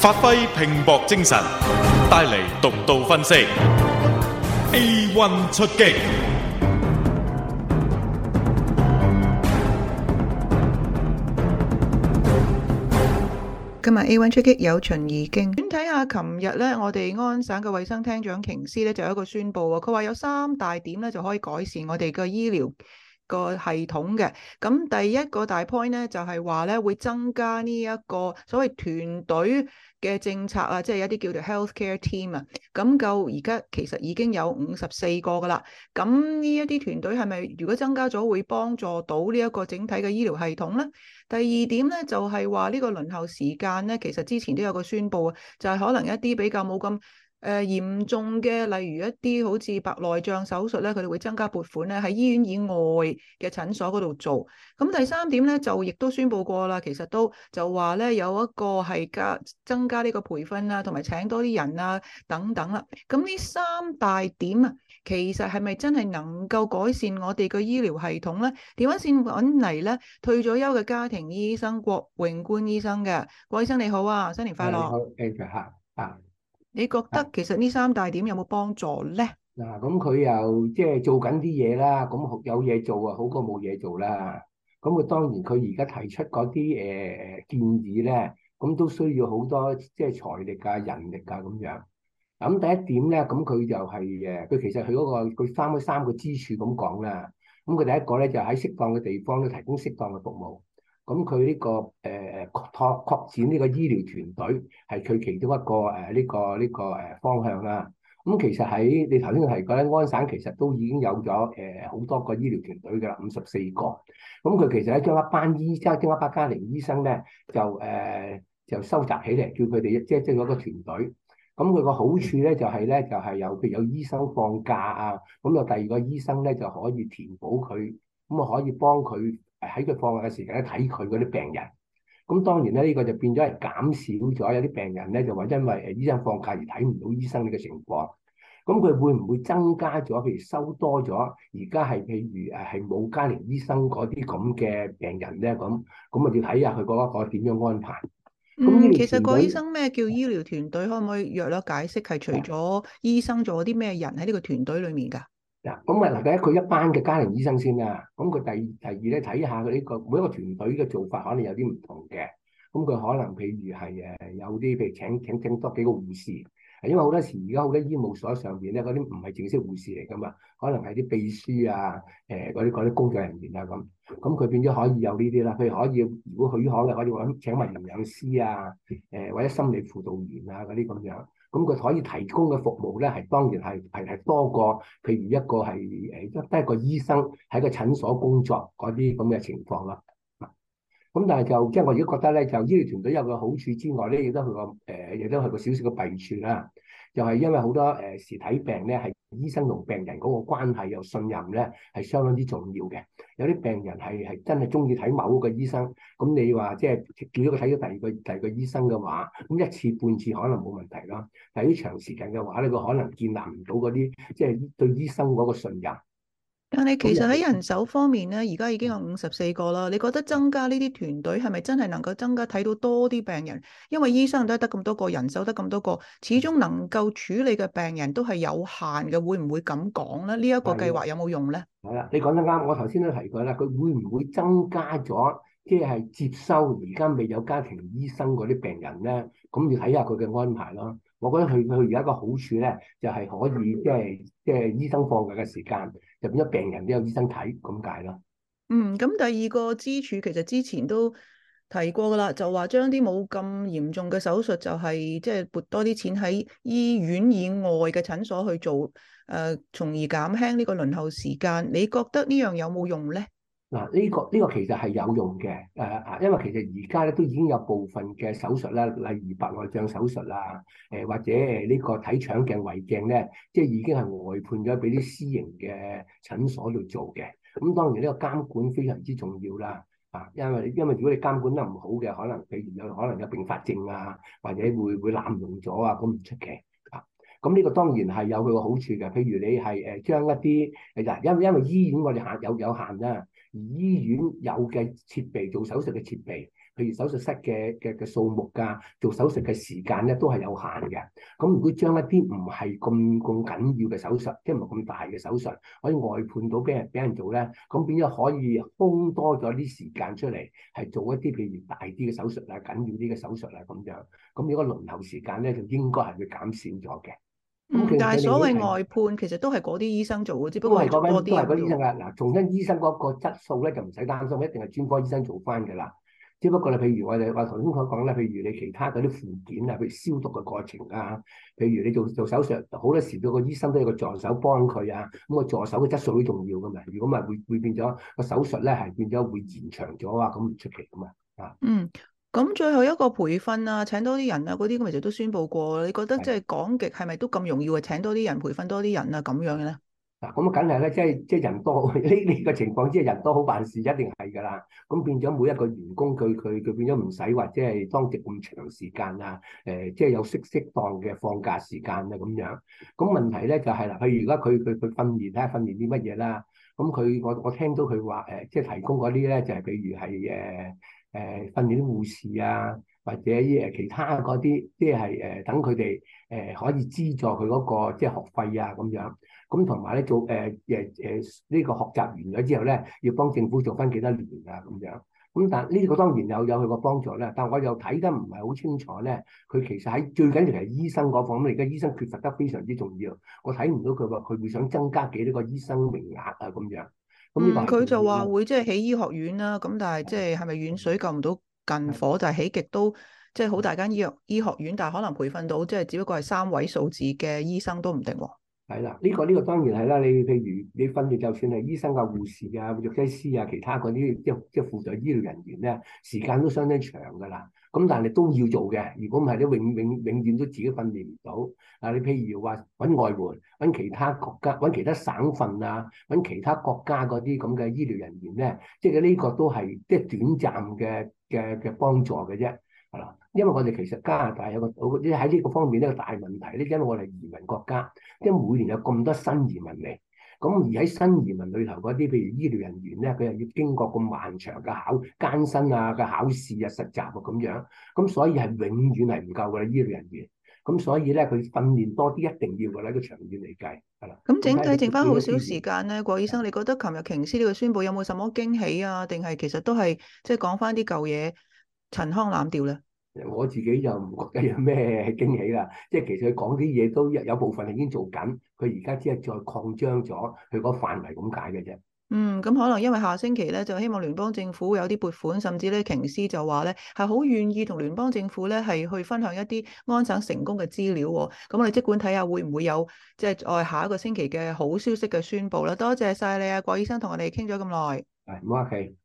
發揮拼搏精神，帶嚟獨到分析。A one 出擊，今日 A one 出擊有秦二經。點睇下，琴日呢，我哋安省嘅衛生廳長瓊斯呢，就有一個宣布啊，佢話有三大點呢，就可以改善我哋嘅醫療。個系統嘅，咁第一個大 point 咧就係話咧會增加呢一個所謂團隊嘅政策啊，即係一啲叫做 healthcare team 啊，咁夠而家其實已經有五十四個噶啦。咁呢一啲團隊係咪如果增加咗會幫助到呢一個整體嘅醫療系統咧？第二點咧就係話呢個輪候時間咧，其實之前都有個宣佈啊，就係可能一啲比較冇咁。誒，嚴重嘅，例如一啲好似白內障手術咧，佢哋會增加撥款咧，喺醫院以外嘅診所嗰度做。咁第三點咧，就亦都宣佈過啦，其實都就話咧有一個係加增加呢個培訓啊，同埋請多啲人啊等等啦。咁呢三大點啊，其實係咪真係能夠改善我哋嘅醫療系統咧？電話線搵嚟咧，退咗休嘅家庭醫生郭永官醫生嘅，郭醫生你好啊，新年快樂！你好啊、哎。你覺得其實呢三大點有冇幫助咧？嗱、啊，咁佢又即係做緊啲嘢啦，咁有嘢做啊，好過冇嘢做啦。咁佢當然佢而家提出嗰啲誒誒建議咧，咁都需要好多即係財力啊、人力啊咁樣。咁第一點咧，咁佢就係、是、誒，佢其實佢嗰、那個佢三嗰三個支柱咁講啦。咁佢第一個咧就喺、是、適當嘅地方咧提供適當嘅服務。咁佢呢個誒擴、呃、擴展呢個醫療團隊係佢其中一個誒呢、呃這個呢、這個誒、呃、方向啦、啊。咁、嗯、其實喺你頭先提過咧，安省其實都已經有咗誒好多個醫療團隊嘅啦，五十四個。咁、嗯、佢其實咧將一班醫生將一班家庭醫生咧就誒、呃、就收集起嚟，叫佢哋即係即係嗰個團隊。咁佢個好處咧就係、是、咧就係、是、有譬如有醫生放假啊，咁、嗯、啊第二個醫生咧就可以填補佢，咁啊可以幫佢。喺佢放假嘅時間咧，睇佢嗰啲病人。咁當然咧，呢個就變咗係減少咗有啲病人咧，就話因為誒醫生放假而睇唔到醫生呢個情況。咁佢會唔會增加咗？譬如收多咗，而家係譬如誒係冇家庭醫生嗰啲咁嘅病人咧，咁咁啊要睇下佢嗰個點樣安排。嗯，其實個醫生咩叫醫療團隊？可唔可以約咗解釋？係除咗醫生，仲有啲咩人喺呢個團隊裏面噶？嗯嗱，咁啊嗱，第一佢一班嘅家庭醫生先啦、啊，咁佢第第二咧睇下佢呢看看個每一個團隊嘅做法，可能有啲唔同嘅，咁佢可能譬如係誒有啲譬如請請請多幾個護士，因為好多時而家好多醫務所上邊咧嗰啲唔係正式護士嚟噶嘛，可能係啲秘書啊、誒嗰啲嗰啲工作人員啊咁，咁佢變咗可以有呢啲啦，譬如可以如果佢可嘅可以揾請埋營養師啊、誒、欸、或者心理輔導員啊嗰啲咁樣。咁佢可以提供嘅服務咧，係當然係係係多過譬如一個係誒一得一個醫生喺個診所工作嗰啲咁嘅情況啦。咁但係就即係我如果覺得咧，就醫療團隊有個好處之外咧，亦都係個誒亦、呃、都係個少少嘅弊處啦、啊。就係因為好多誒時睇病咧，係醫生同病人嗰個關係又信任咧，係相當之重要嘅。有啲病人係係真係中意睇某個醫生，咁你話即係叫咗佢睇咗第二個第二個醫生嘅話，咁一次半次可能冇問題啦。但係啲長時間嘅話咧，佢可能建立唔到嗰啲即係對醫生嗰個信任。但係其實喺人手方面咧，而家已經有五十四個啦。你覺得增加呢啲團隊係咪真係能夠增加睇到多啲病人？因為醫生都係得咁多個人手，得咁多個，始終能夠處理嘅病人都係有限嘅。會唔會咁講咧？這個、計劃，有有呢一個計劃有冇用咧？係啦，你講得啱。我頭先都提過啦，佢會唔會增加咗即係接收而家未有家庭醫生嗰啲病人咧？咁要睇下佢嘅安排囉。我覺得佢佢而家個好處咧，就係、是、可以即係即係醫生放假嘅時間，入咗病人都有醫生睇咁解咯。嗯，咁第二個支柱其實之前都提過噶啦，就話將啲冇咁嚴重嘅手術，就係即係撥多啲錢喺醫院以外嘅診所去做，誒、呃，從而減輕呢個輪候時間。你覺得呢樣有冇用咧？嗱，呢、啊呢個呢、呢個其實係有用嘅，誒啊，因為其實而家咧都已經有部分嘅手術啦，例如白內障手術、呃、啊，誒或者呢個睇腸鏡、胃鏡咧，即係已經係外判咗俾啲私營嘅診所去做嘅。咁當然呢個監管非常之重要啦，啊，因為因為如果你監管得唔好嘅，可能譬如有可能有併發症啊，或者會會濫用咗啊，咁唔出奇。咁呢個當然係有佢個好處嘅，譬如你係誒將一啲，嗱，因為因為醫院我哋限有有，有限而醫院有嘅設備做手術嘅設備，譬如手術室嘅嘅嘅數目㗎、啊，做手術嘅時間咧都係有限嘅。咁、嗯、如果將一啲唔係咁咁緊要嘅手術，即係唔係咁大嘅手術，可以外判到俾人俾人做咧，咁變咗可以空多咗啲時間出嚟，係做一啲譬如大啲嘅手術啊、緊要啲嘅手術啊咁樣，咁如果輪候時間咧，就應該係會減少咗嘅。嗯、但係所謂外判其實都係嗰啲醫生做嘅，只不過多啲。都係嗰啲，都係嗰啲醫生㗎。嗱，重新醫生嗰個質素咧，就唔使擔心，一定係專科醫生做翻嘅啦。只不過咧，譬如我哋話頭先佢講咧，譬如你其他嗰啲附件啊，譬如消毒嘅過程啊，譬如你做做手術，好多時個醫生都有個助手幫佢啊。咁個助手嘅質素好重要㗎嘛。如果唔係會會變咗個手術咧，係變咗會延長咗啊，咁唔出奇㗎嘛。啊。嗯。咁最後一個培訓啊，請多啲人啊，嗰啲咁咪就都宣布過。你覺得即係講極係咪都咁容易、啊？話請多啲人，培訓多啲人啊，咁樣嘅咧？咁啊，梗係啦，即係即係人多呢呢、這個情況，即係人多好辦事，一定係噶啦。咁變咗每一個員工，佢佢佢變咗唔使話即係當值咁長時間啊。誒、呃，即係有適適當嘅放假時間啊，咁樣。咁問題咧就係、是、啦，譬如而家佢佢佢訓練咧，訓練啲乜嘢啦？咁佢我我聽到佢話誒，即係提供嗰啲咧，就係、是、譬如係誒。呃誒、呃、訓練啲護士啊，或者依其他嗰啲，即係誒等佢哋誒可以資助佢嗰、嗰個即係學費啊咁樣。咁同埋咧做誒誒誒呢個學習完咗之後咧，要幫政府做翻幾多年啊咁樣。咁但呢、呢個當然有有佢個幫助咧，但我又睇得唔係好清楚咧。佢其實喺最緊要係醫生嗰方，咁而家醫生缺乏得非常之重要。我睇唔到佢話佢會想增加幾多個醫生名額啊咁樣。佢、嗯、就話會即係起醫學院啦、啊，咁但係即係係咪遠水救唔到近火？就係起極都即係好大間醫藥醫學院，但係可能培訓到即係、即係、只不過係三位數字嘅醫生都唔定喎。係啦，呢、這個呢、這個當然係啦。你譬如你訓練，就算係醫生、啊護士啊、藥劑師啊、其他嗰啲，即係即係輔助醫療人員咧，時間都相當長㗎啦。咁但係你都要做嘅。如果唔係，你永永永遠都自己訓練唔到。嗱、啊，你譬如話揾外援，揾其他國家，揾其他省份啊，揾其他國家嗰啲咁嘅醫療人員咧，即係呢、這個都係即係短暫嘅嘅嘅幫助嘅啫。係啦，因為我哋其實加拿大有個喺呢個方面呢個大問題咧，因為我哋移民國家，因為每年有咁多新移民嚟，咁而喺新移民裏頭嗰啲，譬如醫療人員咧，佢又要經過咁漫長嘅考艱辛啊嘅考試啊實習啊咁樣，咁所以係永遠係唔夠嘅啦醫療人員，咁所以咧佢訓練多啲，一定要嘅啦，喺個長遠嚟計，係啦。咁整體剩翻好少時間咧，郭醫生，的你覺得琴日瓊斯呢個宣布有冇什麼驚喜啊？定係其實都係即係講翻啲舊嘢？就是陳腔濫調啦，我自己又唔覺得有咩驚喜啦，即係其實佢講啲嘢都有部分已經做緊，佢而家只係再擴張咗佢個範圍咁解嘅啫。嗯，咁可能因為下星期咧，就希望聯邦政府有啲撥款，甚至咧瓊斯就話咧係好願意同聯邦政府咧係去分享一啲安省成功嘅資料，哦。咁我哋即管睇下會唔會有即係、就是、在下一個星期嘅好消息嘅宣布啦。多謝晒你啊，郭醫生同我哋傾咗咁耐。係、哎，唔好客氣。